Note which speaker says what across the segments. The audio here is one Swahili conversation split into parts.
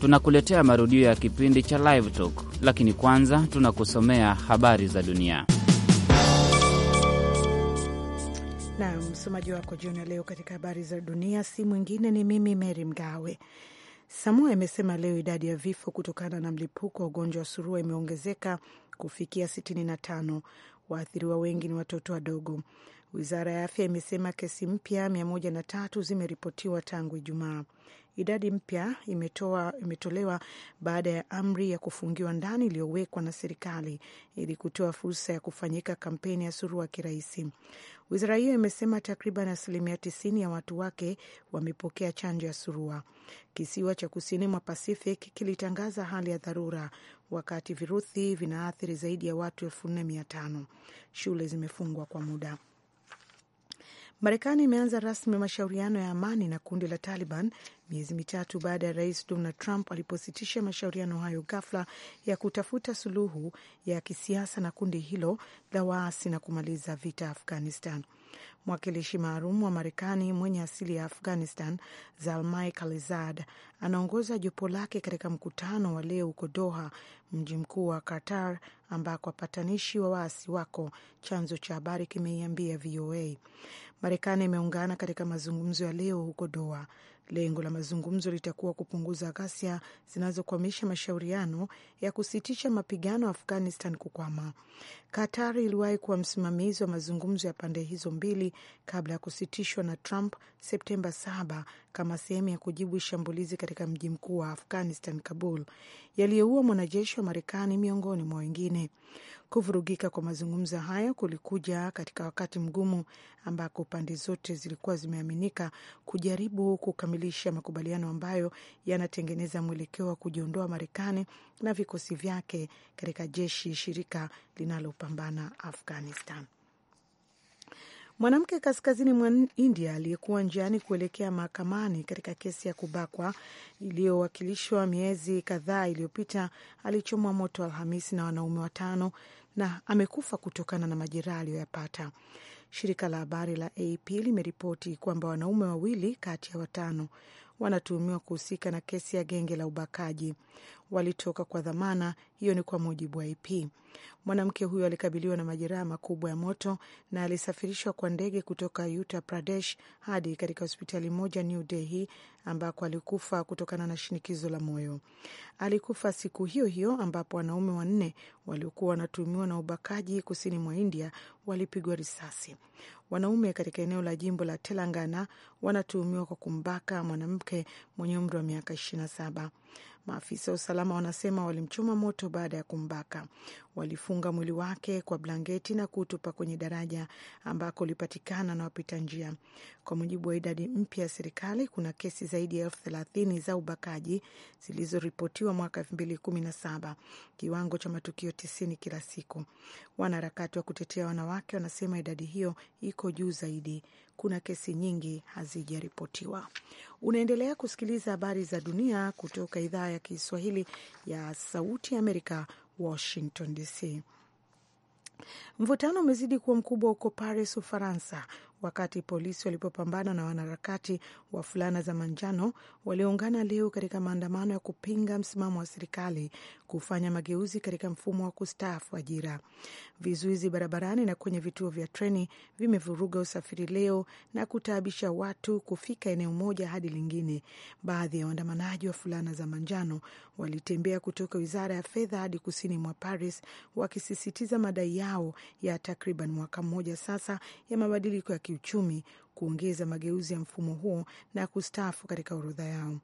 Speaker 1: tunakuletea marudio ya kipindi cha Live Talk, lakini kwanza tunakusomea habari za dunia.
Speaker 2: Na msomaji wako jioni ya leo katika habari za dunia si mwingine ni mimi Mary Mgawe. Samoa imesema leo idadi ya vifo kutokana na mlipuko wa ugonjwa wa surua imeongezeka kufikia 65. Waathiriwa wengi ni watoto wadogo. Wizara ya afya imesema kesi mpya 103 zimeripotiwa tangu Ijumaa. Idadi mpya imetolewa baada ya amri ya kufungiwa ndani iliyowekwa na serikali ili kutoa fursa ya kufanyika kampeni ya surua kirahisi Wizara hiyo imesema takriban asilimia tisini ya watu wake wamepokea chanjo ya surua. Kisiwa cha kusini mwa Pacific kilitangaza hali ya dharura wakati virusi vinaathiri zaidi ya watu elfu nne mia tano. Shule zimefungwa kwa muda. Marekani imeanza rasmi mashauriano ya amani na kundi la Taliban miezi mitatu baada ya rais Donald Trump alipositisha mashauriano hayo ghafla ya kutafuta suluhu ya kisiasa na kundi hilo la waasi na kumaliza vita Afghanistan. Mwakilishi maalum wa Marekani mwenye asili ya Afghanistan, Zalmai kalizad anaongoza jopo lake katika mkutano wa leo huko Doha, mji mkuu wa Qatar, ambako wapatanishi wa waasi wako, chanzo cha habari kimeiambia VOA. Marekani imeungana katika mazungumzo ya leo huko Doha Lengo la mazungumzo litakuwa kupunguza ghasia zinazokwamisha mashauriano ya kusitisha mapigano Afghanistan kukwama. katari iliwahi kuwa msimamizi wa mazungumzo ya pande hizo mbili kabla ya kusitishwa na Trump Septemba 7 kama sehemu ya kujibu shambulizi katika mji mkuu wa Afghanistan, Kabul, yaliyoua mwanajeshi wa Marekani miongoni mwa wengine. Kuvurugika kwa mazungumzo hayo kulikuja katika wakati mgumu ambako pande zote zilikuwa zimeaminika kujaribu kukamilisha makubaliano ambayo yanatengeneza mwelekeo wa kujiondoa Marekani na vikosi vyake katika jeshi shirika linalopambana Afghanistan. Mwanamke kaskazini mwa India aliyekuwa njiani kuelekea mahakamani katika kesi ya kubakwa iliyowakilishwa miezi kadhaa iliyopita alichomwa moto Alhamisi na wanaume watano na amekufa kutokana na majeraha aliyoyapata. Shirika la habari la AP limeripoti kwamba wanaume wawili kati ya watano wanatuhumiwa kuhusika na kesi ya genge la ubakaji walitoka kwa dhamana. Hiyo ni kwa mujibu wa IP. Mwanamke huyo alikabiliwa na majeraha makubwa ya moto na alisafirishwa kwa ndege kutoka Uttar Pradesh hadi katika hospitali moja New Delhi, ambako alikufa kutokana na shinikizo la moyo. Alikufa siku hiyo hiyo ambapo wanaume wanne waliokuwa wanatumiwa na ubakaji kusini mwa India walipigwa risasi. Wanaume katika eneo la jimbo la Telangana wanatuhumiwa kwa kumbaka mwanamke mwenye umri wa miaka 27. Maafisa wa usalama wanasema walimchoma moto baada ya kumbaka. Walifunga mwili wake kwa blanketi na kutupa kwenye daraja ambako ulipatikana na wapita njia. Kwa mujibu wa idadi mpya ya serikali, kuna kesi zaidi ya elfu thelathini za ubakaji zilizoripotiwa mwaka elfu mbili kumi na saba, kiwango cha matukio tisini kila siku. Wanaharakati wa kutetea wanawake wanasema idadi hiyo iko juu zaidi kuna kesi nyingi hazijaripotiwa. Unaendelea kusikiliza habari za dunia kutoka idhaa ya Kiswahili ya Sauti ya Amerika, Washington DC. Mvutano umezidi kuwa mkubwa huko Paris, Ufaransa, wakati polisi walipopambana na wanaharakati wa fulana za manjano walioungana leo katika maandamano ya kupinga msimamo wa serikali kufanya mageuzi katika mfumo wa kustaafu ajira. Vizuizi barabarani na kwenye vituo vya treni vimevuruga usafiri leo na kutaabisha watu kufika eneo moja hadi lingine. Baadhi ya waandamanaji wa fulana za manjano walitembea kutoka wizara ya fedha hadi kusini mwa Paris wakisisitiza madai yao ya takriban mwaka mmoja sasa ya mabadiliko ya kiuchumi kuongeza mageuzi ya mfumo huo na kustaafu katika orodha yao.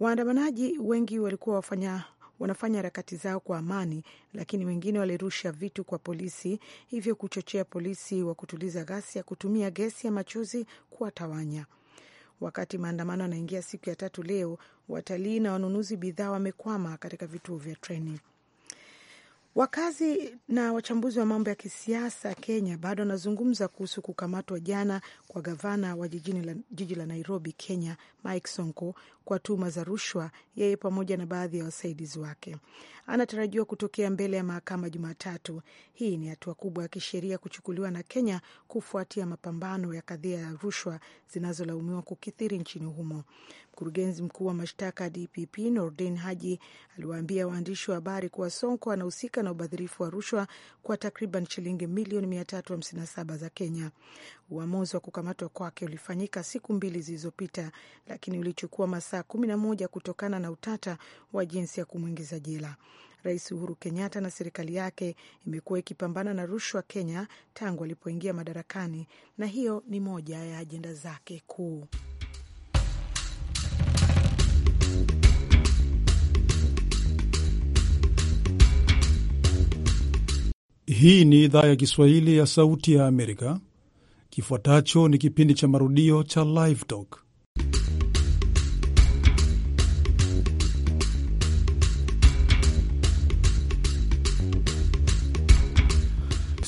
Speaker 2: Waandamanaji wengi walikuwa wafanya wanafanya harakati zao kwa amani, lakini wengine walirusha vitu kwa polisi, hivyo kuchochea polisi wa kutuliza ghasia kutumia gesi ya machozi kuwatawanya. Wakati maandamano yanaingia siku ya tatu leo, watalii na wanunuzi bidhaa wamekwama katika vituo vya treni. Wakazi na wachambuzi wa mambo ya kisiasa Kenya bado wanazungumza kuhusu kukamatwa jana kwa gavana wa jiji la Nairobi, Kenya, Mike Sonko kwa tuhuma za rushwa, yeye pamoja na baadhi ya wasaidizi wake. Anatarajiwa kutokea mbele ya mahakama Jumatatu. Hii ni hatua kubwa ya kisheria kuchukuliwa na Kenya kufuatia mapambano ya kadhia ya rushwa zinazolaumiwa kukithiri nchini humo. Mkurugenzi mkuu wa mashtaka DPP Nordin Haji aliwaambia waandishi wa habari kuwa Sonko anahusika na ubadhirifu wa rushwa kwa takriban shilingi milioni 357 za Kenya. Uamuzi wa kukamatwa kwake ulifanyika siku mbili zilizopita, lakini ulichukua masaa saa moja kutokana na utata wa jinsi ya kumwingiza jela. Rais Uhuru Kenyatta na serikali yake imekuwa ikipambana na rushwa Kenya tangu alipoingia madarakani, na hiyo ni moja ya ajenda zake kuu.
Speaker 3: Hii ni idhaa ya Kiswahili ya Sauti ya Amerika. Kifuatacho ni kipindi cha marudio cha Live Talk.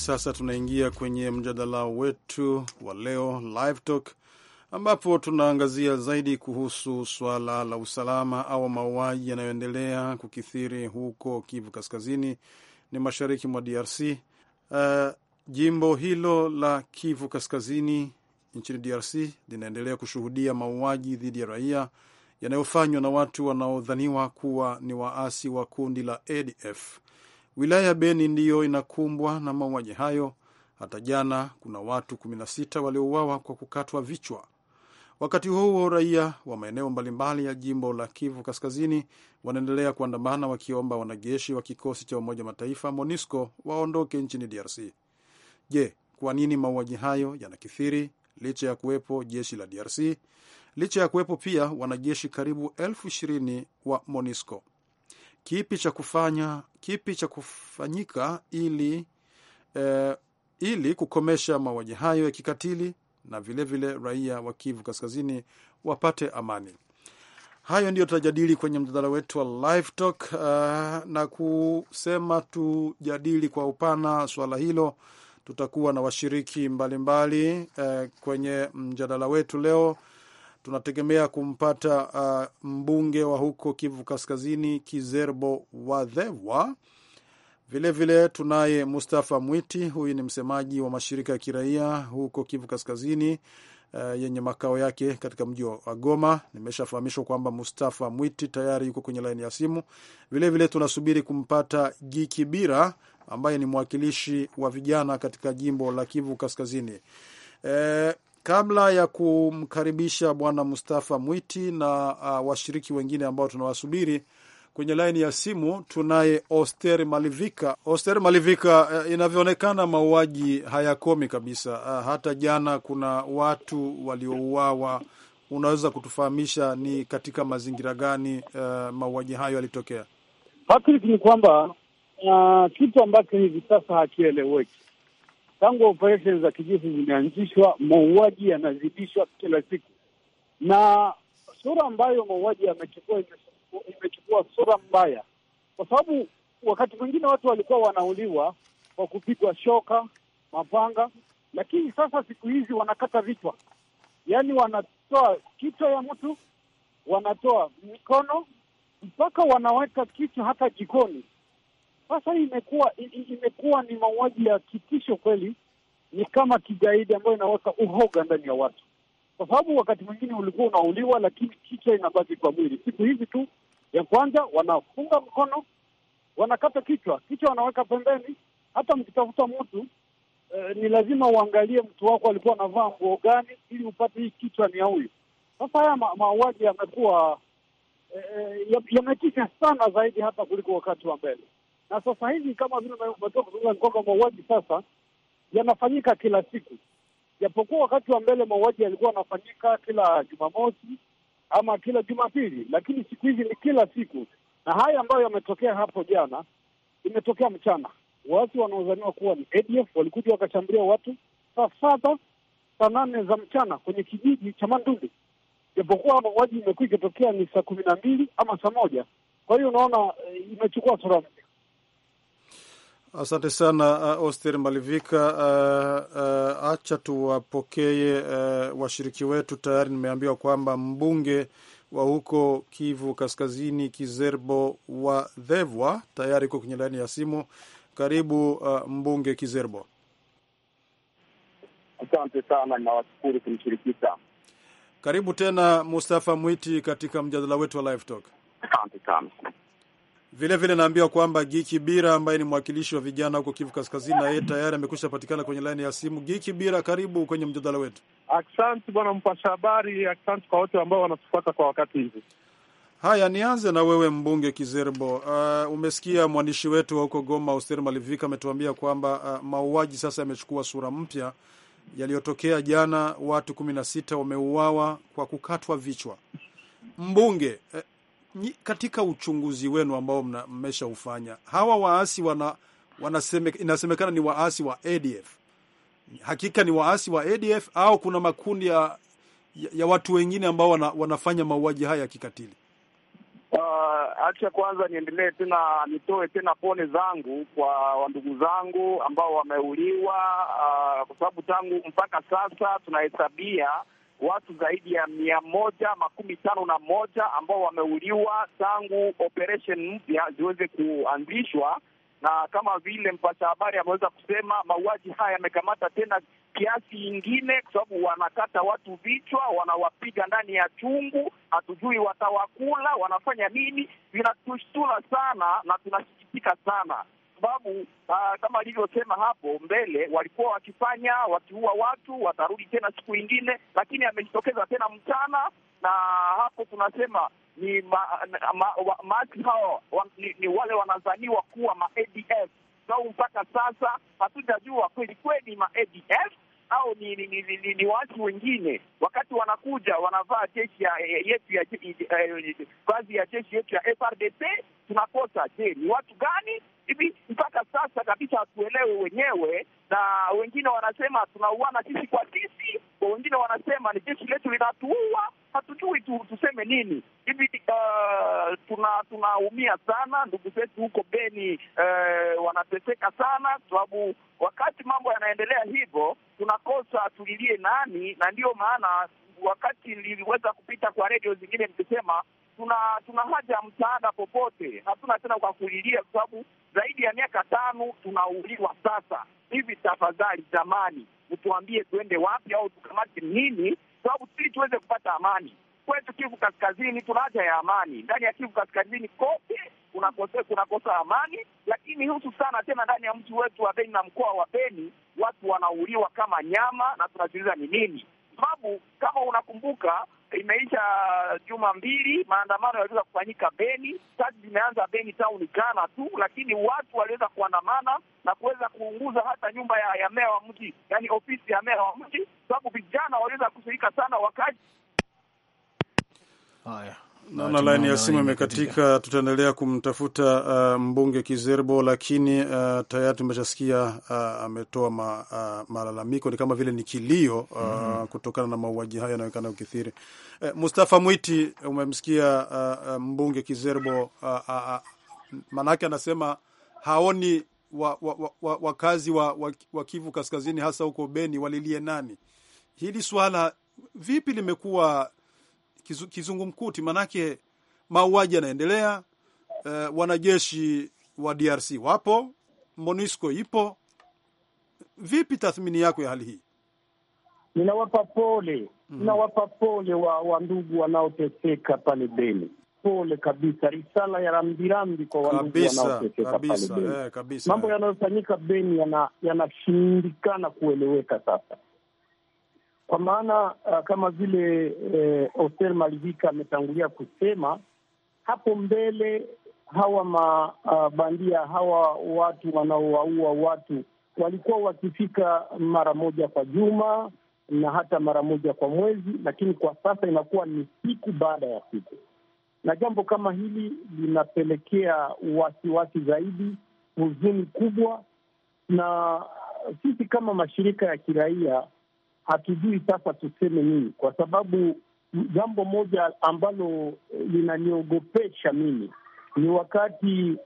Speaker 3: sasa tunaingia kwenye mjadala wetu wa leo Live Talk, ambapo tunaangazia zaidi kuhusu swala la usalama au mauaji yanayoendelea kukithiri huko Kivu Kaskazini ni mashariki mwa DRC. Uh, eh, jimbo hilo la Kivu Kaskazini nchini DRC linaendelea kushuhudia mauaji dhidi ya raia yanayofanywa na watu wanaodhaniwa kuwa ni waasi wa kundi la ADF. Wilaya ya Beni ndiyo inakumbwa na mauaji hayo. Hata jana kuna watu 16 waliouawa kwa kukatwa vichwa. Wakati huo huo, raia wa maeneo mbalimbali ya jimbo la Kivu Kaskazini wanaendelea kuandamana wakiomba wanajeshi wa kikosi cha Umoja Mataifa MONUSCO waondoke nchini DRC. Je, kwa nini mauaji hayo yanakithiri licha ya kuwepo jeshi la DRC? Licha ya kuwepo pia wanajeshi karibu elfu ishirini wa MONUSCO. Kipi cha kufanya kipi cha kufanyika ili, eh, ili kukomesha mauaji hayo ya kikatili na vilevile vile raia wa Kivu Kaskazini wapate amani. Hayo ndiyo tutajadili kwenye mjadala wetu wa Live Talk, uh, na kusema tujadili kwa upana suala hilo. Tutakuwa na washiriki mbalimbali mbali, uh, eh, kwenye mjadala wetu leo tunategemea kumpata uh, mbunge wa huko Kivu Kaskazini Kizerbo Wadhevwa. Vilevile tunaye Mustafa Mwiti, huyu ni msemaji wa mashirika ya kiraia huko Kivu Kaskazini uh, yenye makao yake katika mji wa Goma. Nimeshafahamishwa kwamba Mustafa Mwiti tayari yuko kwenye laini ya simu. Vilevile tunasubiri kumpata Gikibira ambaye ni mwakilishi wa vijana katika jimbo la Kivu Kaskazini. Eh, Kabla ya kumkaribisha Bwana Mustafa Mwiti na uh, washiriki wengine ambao tunawasubiri kwenye laini ya simu, tunaye Oster Malivika. Oster Malivika, uh, inavyoonekana mauaji hayakomi kabisa. Uh, hata jana kuna watu waliouawa. Unaweza kutufahamisha ni katika mazingira gani uh, mauaji hayo yalitokea? Patrick, ni kwamba uh, kitu ambacho hivi sasa hakieleweki
Speaker 4: Tangu operesheni za kijeshi zimeanzishwa, mauaji yanazidishwa kila siku, na sura ambayo mauaji yamechukua imechukua sura mbaya, kwa sababu wakati mwingine watu walikuwa wanauliwa kwa kupigwa shoka, mapanga, lakini sasa siku hizi wanakata vichwa, yaani wanatoa kichwa ya mtu, wanatoa mikono, mpaka wanaweka kichwa hata jikoni. Sasa hii imekuwa imekuwa ni mauaji ya kitisho kweli, ni kama kigaidi ambayo inaweka uhoga ndani ya watu, kwa sababu wakati mwingine ulikuwa unauliwa, lakini kichwa inabaki kwa mwili. Siku hizi tu ya kwanza wanafunga mkono, wanakata kichwa, kichwa wanaweka pembeni. Hata mkitafuta mtu eh, ni lazima uangalie mtu wako alikuwa anavaa nguo gani, ili upate hii kichwa ni ya huyu. Sasa haya mauaji yamekuwa eh, eh yametisha sana zaidi hata kuliko wakati wa mbele na sasa hivi kama vile unatoka kuzungumza, mkoka mauaji sasa yanafanyika kila siku, japokuwa wakati wa mbele mauaji yalikuwa yanafanyika kila Jumamosi ama kila Jumapili, lakini siku hizi ni kila siku, na haya ambayo yametokea hapo jana imetokea mchana. Waasi wanaodhaniwa kuwa ni ADF walikuja wakashambulia watu saa saba saa nane za mchana kwenye kijiji cha Mandundi, japokuwa mauaji imekuwa ikitokea ni saa kumi na mbili ama saa moja. Kwa hiyo unaona, eh, imechukua sura
Speaker 3: Asante sana uh, Oster Malivika. Uh, uh, acha tuwapokee uh, washiriki wetu. Tayari nimeambiwa kwamba mbunge wa huko Kivu Kaskazini, Kizerbo wa Dhevwa, tayari uko kwenye laini ya simu. Karibu uh, mbunge Kizerbo.
Speaker 4: Asante sana, nawashukuru kunishirikisha.
Speaker 3: Karibu tena Mustafa Mwiti katika mjadala wetu wa Live Talk.
Speaker 4: Asante sana.
Speaker 3: Vilevile naambiwa kwamba Giki Bira ambaye ni mwakilishi wa vijana huko Kivu Kaskazini na yeye tayari amekwisha patikana kwenye laini ya simu. Giki Bira, karibu kwenye mjadala wetu. Asante bwana mpasha habari, asante kwa wote ambao wanatufuata kwa wakati hivi. Haya, nianze na wewe mbunge Kizerbo. Uh, umesikia mwandishi wetu wa huko Goma Austeri Malivika ametuambia kwamba uh, mauaji sasa yamechukua sura mpya yaliyotokea jana. Watu kumi na sita wameuawa kwa kukatwa vichwa. Mbunge, uh, katika uchunguzi wenu ambao mmeshaufanya, hawa waasi wana, wanaseme, inasemekana ni waasi wa ADF, hakika ni waasi wa ADF au kuna makundi ya, ya watu wengine ambao wana, wanafanya mauaji haya ya kikatili? Uh, ah, acha kwanza
Speaker 4: niendelee tena nitoe tena pone zangu kwa wandugu zangu ambao wameuliwa, uh, kwa sababu tangu mpaka sasa tunahesabia watu zaidi ya mia moja makumi tano na moja ambao wameuliwa tangu operesheni mpya ziweze kuanzishwa, na kama vile mpasha habari ameweza kusema, mauaji haya yamekamata tena kiasi ingine, kwa sababu wanakata watu vichwa, wanawapiga ndani ya chungu, hatujui watawakula, wanafanya nini. vinatushtula sana na tunasikitika sana sababu uh, kama alivyosema hapo mbele, walikuwa wakifanya wakiua watu, watarudi tena siku ingine, lakini amejitokeza tena mchana, na hapo tunasema ni ma, ma, wa, maasi hao wa, ni, ni wale wanazaniwa kuwa ma ADF au mpaka sasa hatujajua kweli kweli ma ADF au ni, ni, ni, ni, ni watu wengine. Wakati wanakuja wanavaa jeshi ya yetu ya vazi ya jeshi yetu ya FRDC, tunakosa je, ni watu gani? hivi mpaka sasa kabisa hatuelewe wenyewe, na wengine wanasema tunauana sisi kwa sisi, kwa wengine wanasema ni jeshi letu linatuua, hatujui tu, tuseme nini hivi. Uh, tuna tunaumia sana, ndugu zetu huko Beni uh, wanateseka sana, sababu wakati mambo yanaendelea hivyo tunakosa tulilie nani, na ndiyo maana wakati niliweza kupita kwa redio zingine nikisema tuna tuna haja ya msaada popote, hatuna tena kwa kulilia, kwa sababu zaidi ya miaka tano tunauliwa. Sasa hivi, tafadhali jamani, mtuambie tuende wapi au tukamate nini, sababu sisi tuweze kupata amani kwetu. Kivu Kaskazini tuna haja ya amani, ndani ya Kivu Kaskazini kote kunakosa kunakosa amani, lakini husu sana tena ndani ya mji wetu wa Beni na mkoa wa Beni watu wanauliwa kama nyama, na tunajiuliza ni nini sababu. Kama unakumbuka imeisha juma mbili, maandamano yaliweza kufanyika Beni, sasa zimeanza Beni town jana tu, lakini watu waliweza kuandamana na kuweza kuunguza hata nyumba ya, ya meya wa mji, yani ofisi ya meya wa mji, sababu vijana waliweza kushirika sana wakati
Speaker 3: haya Naona laini ya simu imekatika. Tutaendelea kumtafuta uh, mbunge Kizerbo, lakini uh, tayari tumeshasikia uh, ametoa ma, uh, malalamiko, ni kama vile ni kilio uh, mm -hmm. kutokana na mauaji hayo yanaonekana ukithiri. Uh, eh, Mustafa Mwiti, umemsikia uh, uh, mbunge Kizerbo uh, uh, uh maanake anasema haoni wakazi wa, wa, wa, wa, wa, wa Kivu Kaskazini, hasa huko Beni walilie nani. Hili swala vipi limekuwa kizungu kizungumkuti, manake mauaji yanaendelea. Uh, wanajeshi wa DRC wapo, MONUSCO ipo. Vipi tathmini yako ya hali hii? Ninawapa pole mm. Ninawapa pole
Speaker 4: wa, wa ndugu wanaoteseka pale Beni, pole kabisa, risala ya rambirambi kwa wandugu wanaoteseka pale Beni. Eh, kabisa, mambo eh. yanayofanyika Beni yanashindikana kueleweka sasa kwa maana uh, kama vile eh, uh, Oster Malivika ametangulia kusema hapo mbele, hawa mabandia uh, hawa watu wanaowaua watu walikuwa wakifika mara moja kwa juma na hata mara moja kwa mwezi, lakini kwa sasa inakuwa ni siku baada ya siku, na jambo kama hili linapelekea wasiwasi zaidi, huzuni kubwa, na sisi kama mashirika ya kiraia hatujui sasa tuseme nini, kwa sababu jambo moja ambalo eh, linaniogopesha mimi ni wakati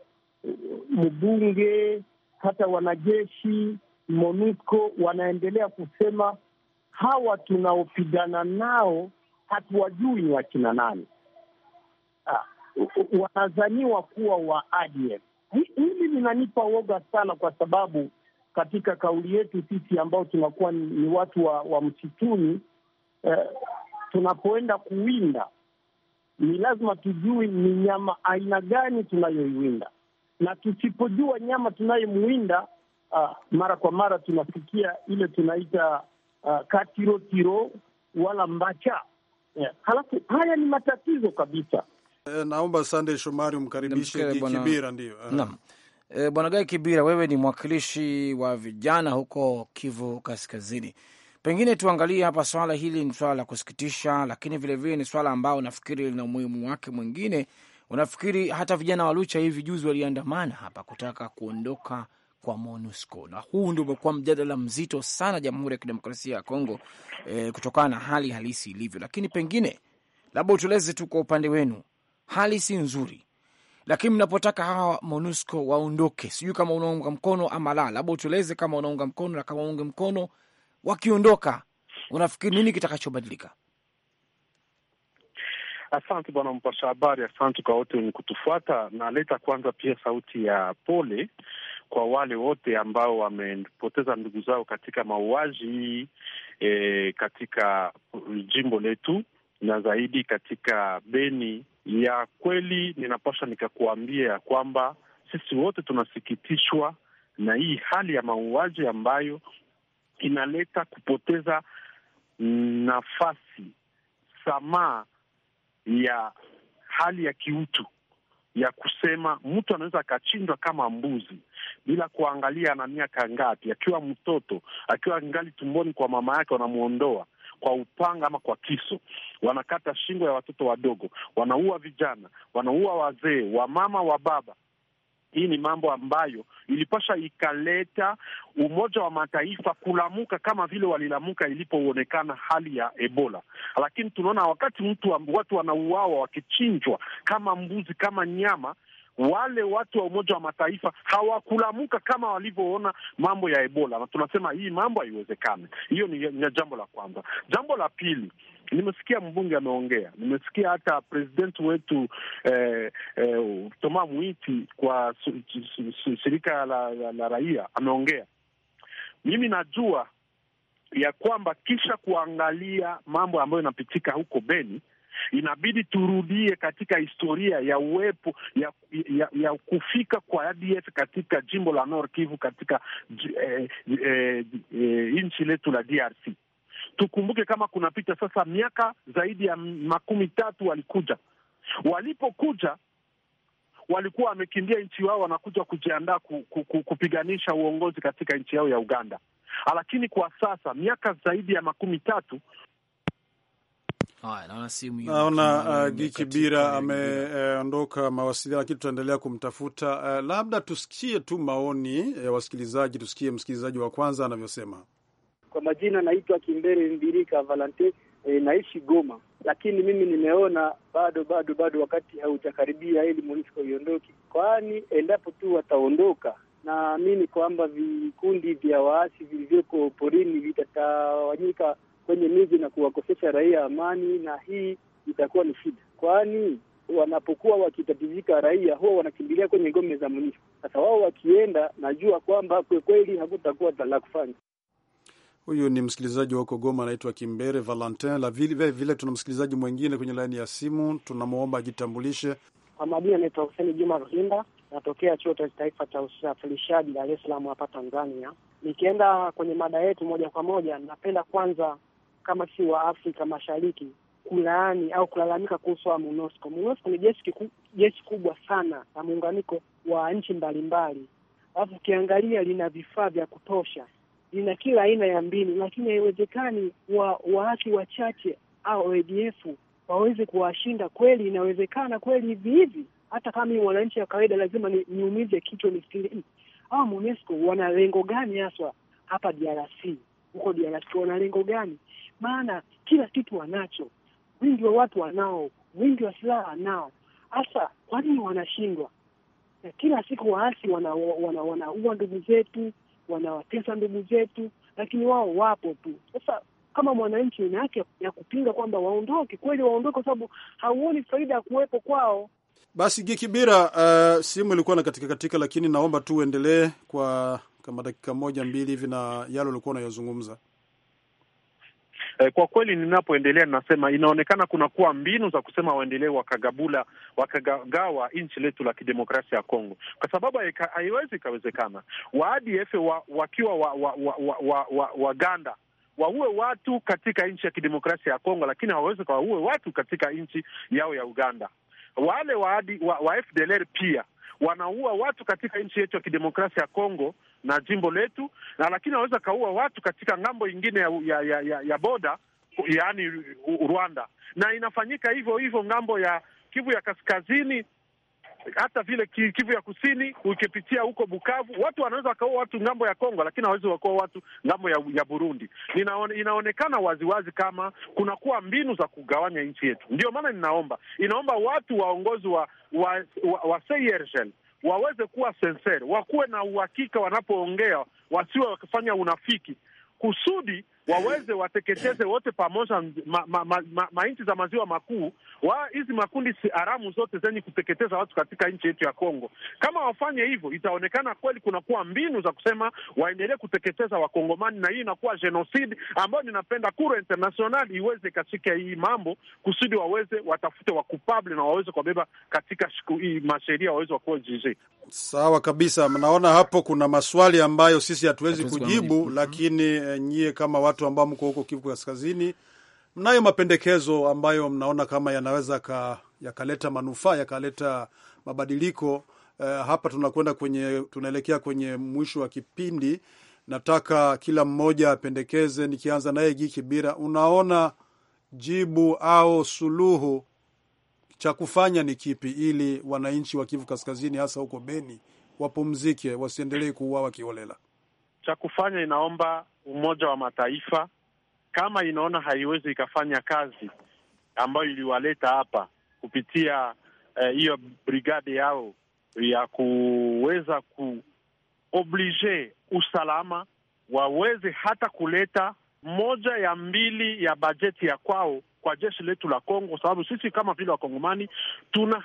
Speaker 4: eh, mbunge hata wanajeshi MONUSCO wanaendelea kusema hawa tunaopigana nao hatuwajui ni wakina nani, ah, wanazaniwa kuwa wa ADF. Hili linanipa woga sana, kwa sababu katika kauli yetu sisi ambao tunakuwa ni, watu wa, wa msituni eh, tunapoenda kuwinda ni lazima tujue ni nyama aina gani tunayoiwinda, na tusipojua nyama tunayemwinda, uh, ah, mara kwa mara tunafikia ile tunaita uh, katirotiro wala mbacha
Speaker 3: yeah. Halafu haya ni matatizo kabisa. Eh, naomba Sande Shomari umkaribishe Kibira, ndio. Ah. E, Bwana Gai Kibira, wewe ni mwakilishi wa vijana
Speaker 1: huko Kivu Kaskazini, pengine tuangalie hapa swala hili. Ni swala la kusikitisha, lakini vilevile ni swala ambao nafikiri lina umuhimu wake mwingine. Unafikiri hata vijana wa Lucha hivi juzi waliandamana hapa kutaka kuondoka kwa MONUSCO na huu ndio umekuwa mjadala mzito sana Jamhuri ya Kidemokrasia ya Kongo e, kutokana na hali halisi ilivyo, lakini pengine labda utueleze tu kwa upande wenu, hali si nzuri lakini mnapotaka hawa MONUSCO waondoke, sijui kama unaunga mkono ama la, labda utueleze kama unaunga mkono na kama unge mkono, wakiondoka unafikiri nini kitakachobadilika?
Speaker 4: Asante bwana mpasha habari, asante kwa wote wenye kutufuata. Naleta kwanza pia sauti ya pole kwa wale wote ambao wamepoteza ndugu zao katika mauaji e, katika jimbo letu na zaidi katika Beni ya kweli, ninapaswa nikakuambia ya kwamba sisi wote tunasikitishwa na hii hali ya mauaji ambayo inaleta kupoteza nafasi samaa ya hali ya kiutu ya kusema mtu anaweza akachindwa kama mbuzi bila kuangalia ana miaka ngapi, akiwa mtoto, akiwa ngali tumboni kwa mama yake wanamwondoa, kwa upanga ama kwa kisu, wanakata shingo ya watoto wadogo, wanaua vijana, wanaua wazee, wamama, wa baba. Hii ni mambo ambayo ilipasha ikaleta Umoja wa Mataifa kulamuka kama vile walilamuka ilipoonekana hali ya Ebola. Lakini tunaona wakati mtu watu wanauawa wakichinjwa kama mbuzi, kama nyama wale watu wa Umoja wa Mataifa hawakulamuka kama walivyoona mambo ya Ebola, na tunasema hii mambo haiwezekani. Hiyo ni, ni jambo la kwanza. Jambo la pili Nimesikia mbunge ameongea, nimesikia hata presidenti wetu eh, eh, Toma Mwiti kwa su, su, su, su, shirika la, la, la raia ameongea. Mimi najua ya kwamba kisha kuangalia mambo ambayo inapitika huko Beni, inabidi turudie katika historia ya uwepo ya, ya, ya kufika kwa ADF katika jimbo la Nord Kivu katika eh, eh, eh, nchi letu la DRC. Tukumbuke kama kunapita sasa miaka zaidi ya makumi tatu, walikuja walipokuja walikuwa wamekimbia nchi wao wanakuja kujiandaa ku, ku, ku, kupiganisha uongozi katika nchi yao ya Uganda. Lakini kwa sasa miaka zaidi ya makumi tatu
Speaker 3: Naona uh, Giki Bira ameondoka mawasiliano, lakini tutaendelea kumtafuta. Uh, labda tusikie tu maoni ya wasikilizaji, tusikie msikilizaji wa kwanza anavyosema.
Speaker 4: Kwa majina naitwa Kimbere Mbirika Valante, e, naishi Goma, lakini mimi nimeona bado bado bado wakati haujakaribia ili MONUSCO iondoke, kwani endapo tu wataondoka naamini kwamba vikundi vya waasi vilivyoko porini vitatawanyika kwenye miji na kuwakosesha raia amani, na hii itakuwa ni shida, kwani wanapokuwa wakitatizika raia huwa wanakimbilia kwenye ngome za MONUSCO. Sasa wao wakienda, najua kwamba kwekweli hakutakuwa la kufanya.
Speaker 3: Huyu ni msikilizaji wa Goma, anaitwa Kimbere Valentin la vile vile, tuna msikilizaji mwingine kwenye laini ya simu, tunamwomba ajitambulishe.
Speaker 4: Kwa majina anaitwa Huseni Juma Ruhinda, natokea chuo cha taifa cha usafirishaji Dar es Salaam hapa Tanzania. Nikienda kwenye mada yetu moja kwa moja, napenda kwanza kama si wa Afrika Mashariki kulaani au kulalamika kuhusu wa MONUSCO. MONUSCO ni jeshi jeshi kubwa sana na muunganiko wa nchi mbalimbali, alafu ukiangalia lina vifaa vya kutosha, lina kila aina ya mbinu, lakini haiwezekani wa waasi wachache au ADF waweze kuwashinda kweli. Inawezekana kweli hivi hivi? Hata kama mwananchi wa kawaida lazima ni, niumize kichwa nifikiri hmm, au MONUSCO wana lengo gani haswa hapa DRC, huko DRC wana lengo gani? maana kila kitu wanacho, wingi wa watu wanao, wingi wa silaha wanao. Hasa kwa nini wanashindwa? Na kila siku waasi wanaua wana, wana ndugu zetu, wanawatesa ndugu zetu, lakini wao wapo tu. Sasa kama mwananchi una haki ya kupinga kwamba waondoke, kweli waondoke, kwa sababu hauoni faida ya kuwepo kwao.
Speaker 3: Basi Gikibira, uh, eh, simu ilikuwa na katika katika, lakini naomba tu uendelee kwa kama dakika moja mbili hivi na yale ulikuwa unayozungumza.
Speaker 4: Eh, kwa kweli ninapoendelea ninasema inaonekana kuna kuwa mbinu za kusema waendelee wakagabula wakagawa nchi letu la kidemokrasia ya Kongo, kwa sababu haiwezi ikawezekana waadf wa, wakiwa waganda wa, wa, wa, wa, wa, wa waue watu katika nchi ya kidemokrasia ya Kongo, lakini hawawezi kawaue watu katika nchi yao ya Uganda. Wale wa, wa, wa FDLR pia wanaua watu katika nchi yetu ya kidemokrasia ya Kongo na jimbo letu na lakini wanaweza kaua watu katika ng'ambo ingine ya, ya, ya, ya boda yaani Rwanda, na inafanyika hivyo hivyo ng'ambo ya Kivu ya kaskazini hata vile Kivu ya Kusini, ukipitia huko Bukavu, watu wanaweza wakaua watu ngambo ya Kongo, lakini hawawezi wakaua watu ngambo ya, ya Burundi. Ninaone, inaonekana waziwazi kama kunakuwa mbinu za kugawanya nchi yetu. Ndio maana ninaomba inaomba watu waongozi wa wa, wa, wa seyergel waweze kuwa senseri, wakuwe na uhakika wanapoongea, wasiwe wakifanya unafiki kusudi waweze wateketeze wote pamoja ma, ma, ma, ma, za maziwa makuu wa hizi makundi si haramu zote zenye kuteketeza watu katika nchi yetu ya Kongo. Kama wafanye hivyo, itaonekana kweli kunakuwa mbinu za kusema waendelee kuteketeza Wakongomani, na hii inakuwa genocide ambayo ninapenda kura international iweze ikashika hii mambo kusudi waweze watafute wakupable na waweze kuwabeba katika masheria waweze wakuwa jiji.
Speaker 3: Sawa kabisa, naona hapo kuna maswali ambayo sisi hatuwezi kujibu, kujibu, lakini eh, nyie kama watu watu ambao mko huko Kivu Kaskazini, mnayo mapendekezo ambayo mnaona kama yanaweza ka, yakaleta manufaa yakaleta mabadiliko eh? Hapa tunakwenda kwenye, tunaelekea kwenye mwisho wa kipindi. Nataka kila mmoja apendekeze, nikianza naye Giki Bira, unaona jibu au suluhu cha kufanya ni kipi ili wananchi wa Kivu Kaskazini hasa huko Beni wapumzike, wasiendelee kuuawa kiholela? cha kufanya inaomba Umoja wa Mataifa kama inaona haiwezi ikafanya kazi
Speaker 4: ambayo iliwaleta hapa kupitia eh, hiyo eh, brigade yao ya kuweza kuoblige usalama, waweze hata kuleta moja ya mbili ya bajeti ya kwao kwa jeshi letu la Kongo, sababu sisi kama vile wakongomani tuna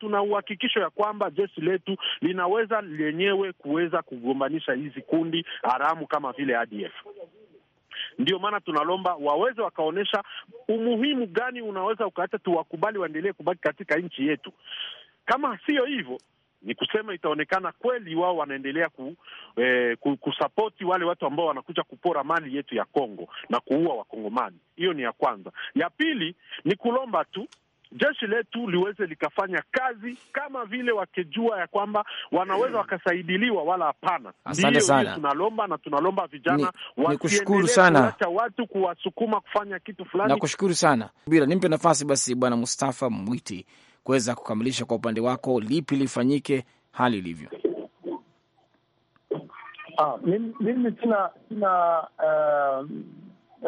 Speaker 4: tuna uhakikisho ya kwamba jeshi letu linaweza lenyewe kuweza kugombanisha hizi kundi haramu kama vile ADF. Ndio maana tunalomba waweze wakaonyesha umuhimu gani unaweza ukaacha tuwakubali waendelee kubaki katika nchi yetu. Kama siyo hivyo, ni kusema itaonekana kweli wao wanaendelea ku, eh, kusapoti wale watu ambao wanakuja kupora mali yetu ya Kongo na kuua Wakongomani. Hiyo ni ya kwanza. Ya pili ni kulomba tu jeshi letu liweze likafanya kazi kama vile wakijua ya kwamba wanaweza
Speaker 1: wakasaidiliwa, wala hapana. Asante sana, tunalomba na
Speaker 4: tunalomba vijana
Speaker 1: wasikushukuru sana, watu kuwasukuma kufanya kitu fulani. Nakushukuru sana bila nimpe nafasi basi, Bwana Mustafa Mwiti kuweza kukamilisha kwa upande wako, lipi lifanyike hali ilivyo?
Speaker 4: Ah, mimi sina sina uh,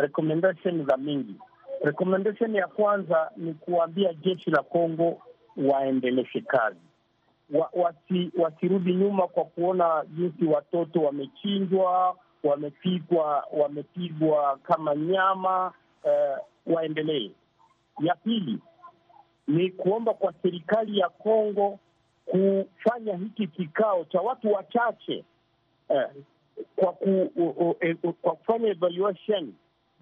Speaker 4: recommendation za mingi. Recommendation ya kwanza ni kuambia jeshi la Kongo waendeleshe kazi wa, wasi, wasirudi nyuma kwa kuona jinsi watoto wamechinjwa, wamepigwa, wamepigwa kama nyama. Uh, waendelee. Ya pili ni kuomba kwa serikali ya Kongo kufanya hiki kikao cha watu wachache eh, kwa, ku, uh, uh, uh, kwa kufanya evaluation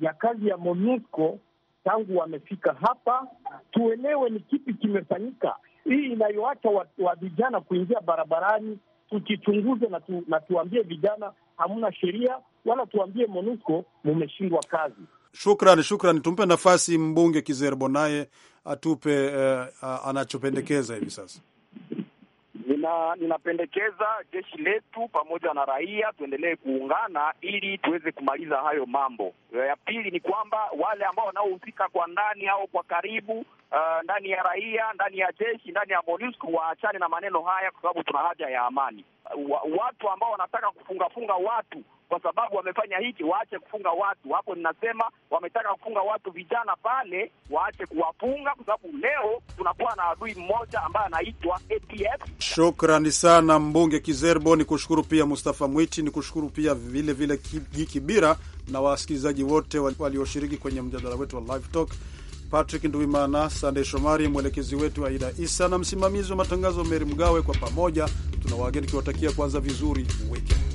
Speaker 4: ya kazi ya MONUSCO tangu wamefika hapa, tuelewe ni kipi kimefanyika, hii inayoacha wa, vijana kuingia barabarani. Tukichunguze na, tu, na tuambie vijana hamna sheria, wala
Speaker 3: tuambie MONUSCO mumeshindwa kazi. Shukran, shukrani. Tumpe nafasi mbunge Kizerbo naye atupe uh, anachopendekeza hivi sasa. Nina,
Speaker 4: ninapendekeza jeshi letu pamoja na raia tuendelee kuungana ili tuweze kumaliza hayo mambo. Eh, ya pili ni kwamba wale ambao wanaohusika kwa ndani au kwa karibu, uh, ndani ya raia, ndani ya jeshi, ndani ya MONUSCO waachane na maneno haya, kwa sababu tuna haja ya amani wa, watu ambao wanataka kufungafunga watu kwa sababu wamefanya hiki, waache kufunga watu. Hapo ninasema wametaka kufunga watu vijana pale, waache
Speaker 3: kuwafunga, kwa sababu leo tunakuwa na adui mmoja ambaye anaitwa ATF. Shukrani sana mbunge Kizerbo, ni kushukuru pia Mustafa Mwiti, ni kushukuru pia vilevile Gikibira na wasikilizaji wote walioshiriki kwenye mjadala wetu wa Live Talk. Patrick Ndwimana, Sandey Shomari, mwelekezi wetu Aida Isa na msimamizi wa matangazo Meri Mgawe. Kwa pamoja tuna wageni tukiwatakia kwanza vizuri wikendi.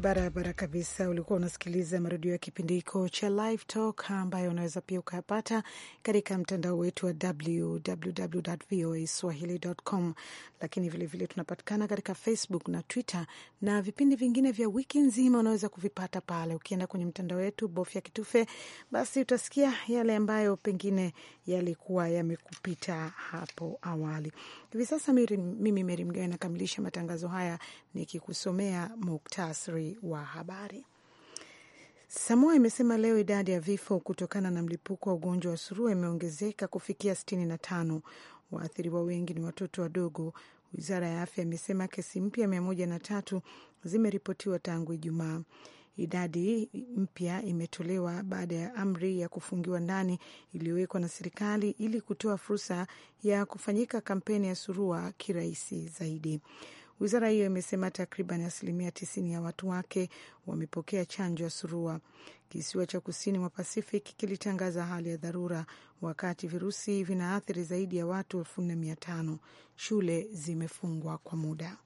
Speaker 2: barabara kabisa. Ulikuwa unasikiliza marudio ya kipindi hiko cha Live Talk ambayo unaweza pia ukayapata katika mtandao wetu wa www voa swahili.com, lakini vilevile tunapatikana katika Facebook na Twitter, na vipindi vingine vya wiki nzima unaweza kuvipata pale. Ukienda kwenye mtandao wetu bofya kitufe, basi utasikia yale ambayo pengine yalikuwa yamekupita hapo awali. Hivi sasa mimi Meri Mgawe nakamilisha matangazo haya nikikusomea muktasari wa habari. Samoa imesema leo idadi ya vifo kutokana na mlipuko wa ugonjwa wa surua imeongezeka kufikia tano. Waathiriwa wengi ni watoto wadogo. Wizara ya afya imesema kesi mpya mia moja na tatu zimeripotiwa tangu Ijumaa. Idadi mpya imetolewa baada ya amri ya kufungiwa ndani iliyowekwa na serikali ili kutoa fursa ya kufanyika kampeni ya surua kirahisi zaidi. Wizara hiyo imesema takriban asilimia tisini ya watu wake wamepokea chanjo ya surua. Kisiwa cha kusini mwa Pacific kilitangaza hali ya dharura wakati virusi vinaathiri zaidi ya watu elfu nne mia tano. Shule zimefungwa kwa muda.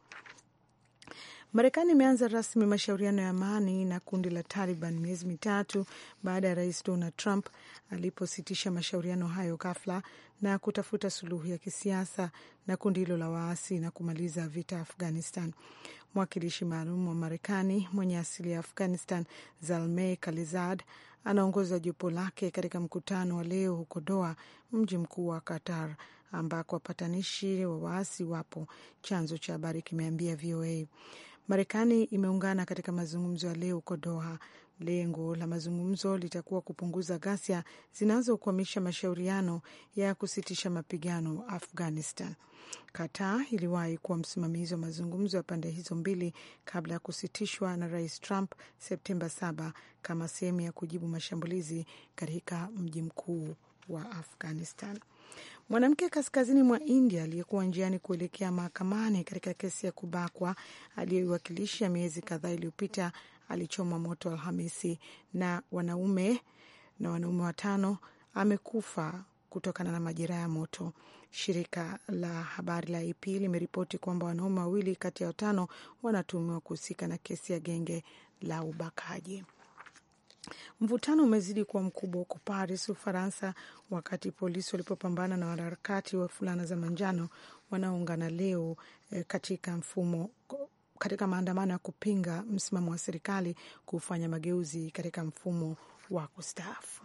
Speaker 2: Marekani imeanza rasmi mashauriano ya amani na kundi la Taliban miezi mitatu baada ya rais Donald Trump alipositisha mashauriano hayo ghafla na kutafuta suluhu ya kisiasa na kundi hilo la waasi na kumaliza vita Afghanistan. Mwakilishi maalum wa Marekani mwenye asili ya Afghanistan, Zalmay Khalilzad, anaongoza jopo lake katika mkutano wa leo huko Doha, mji mkuu wa Qatar, ambako wapatanishi wa waasi wapo, chanzo cha habari kimeambia VOA. Marekani imeungana katika mazungumzo ya leo huko Doha. Lengo la mazungumzo litakuwa kupunguza ghasia zinazokwamisha mashauriano ya kusitisha mapigano Afghanistan. Qatar iliwahi kuwa msimamizi wa mazungumzo ya pande hizo mbili kabla ya kusitishwa na Rais Trump Septemba 7 kama sehemu ya kujibu mashambulizi katika mji mkuu wa Afghanistan. Mwanamke kaskazini mwa India aliyekuwa njiani kuelekea mahakamani katika kesi ya kubakwa aliyoiwakilisha miezi kadhaa iliyopita alichomwa moto Alhamisi na wanaume na wanaume watano amekufa kutokana na majeraha ya moto. Shirika la habari la AP limeripoti kwamba wanaume wawili kati ya watano wanatumiwa kuhusika na kesi ya genge la ubakaji. Mvutano umezidi kuwa mkubwa huko Paris, Ufaransa, wakati polisi walipopambana na wanaharakati wa fulana za manjano wanaoungana leo eh, katika mfumo katika maandamano ya kupinga msimamo wa serikali kufanya mageuzi katika mfumo wa kustaafu.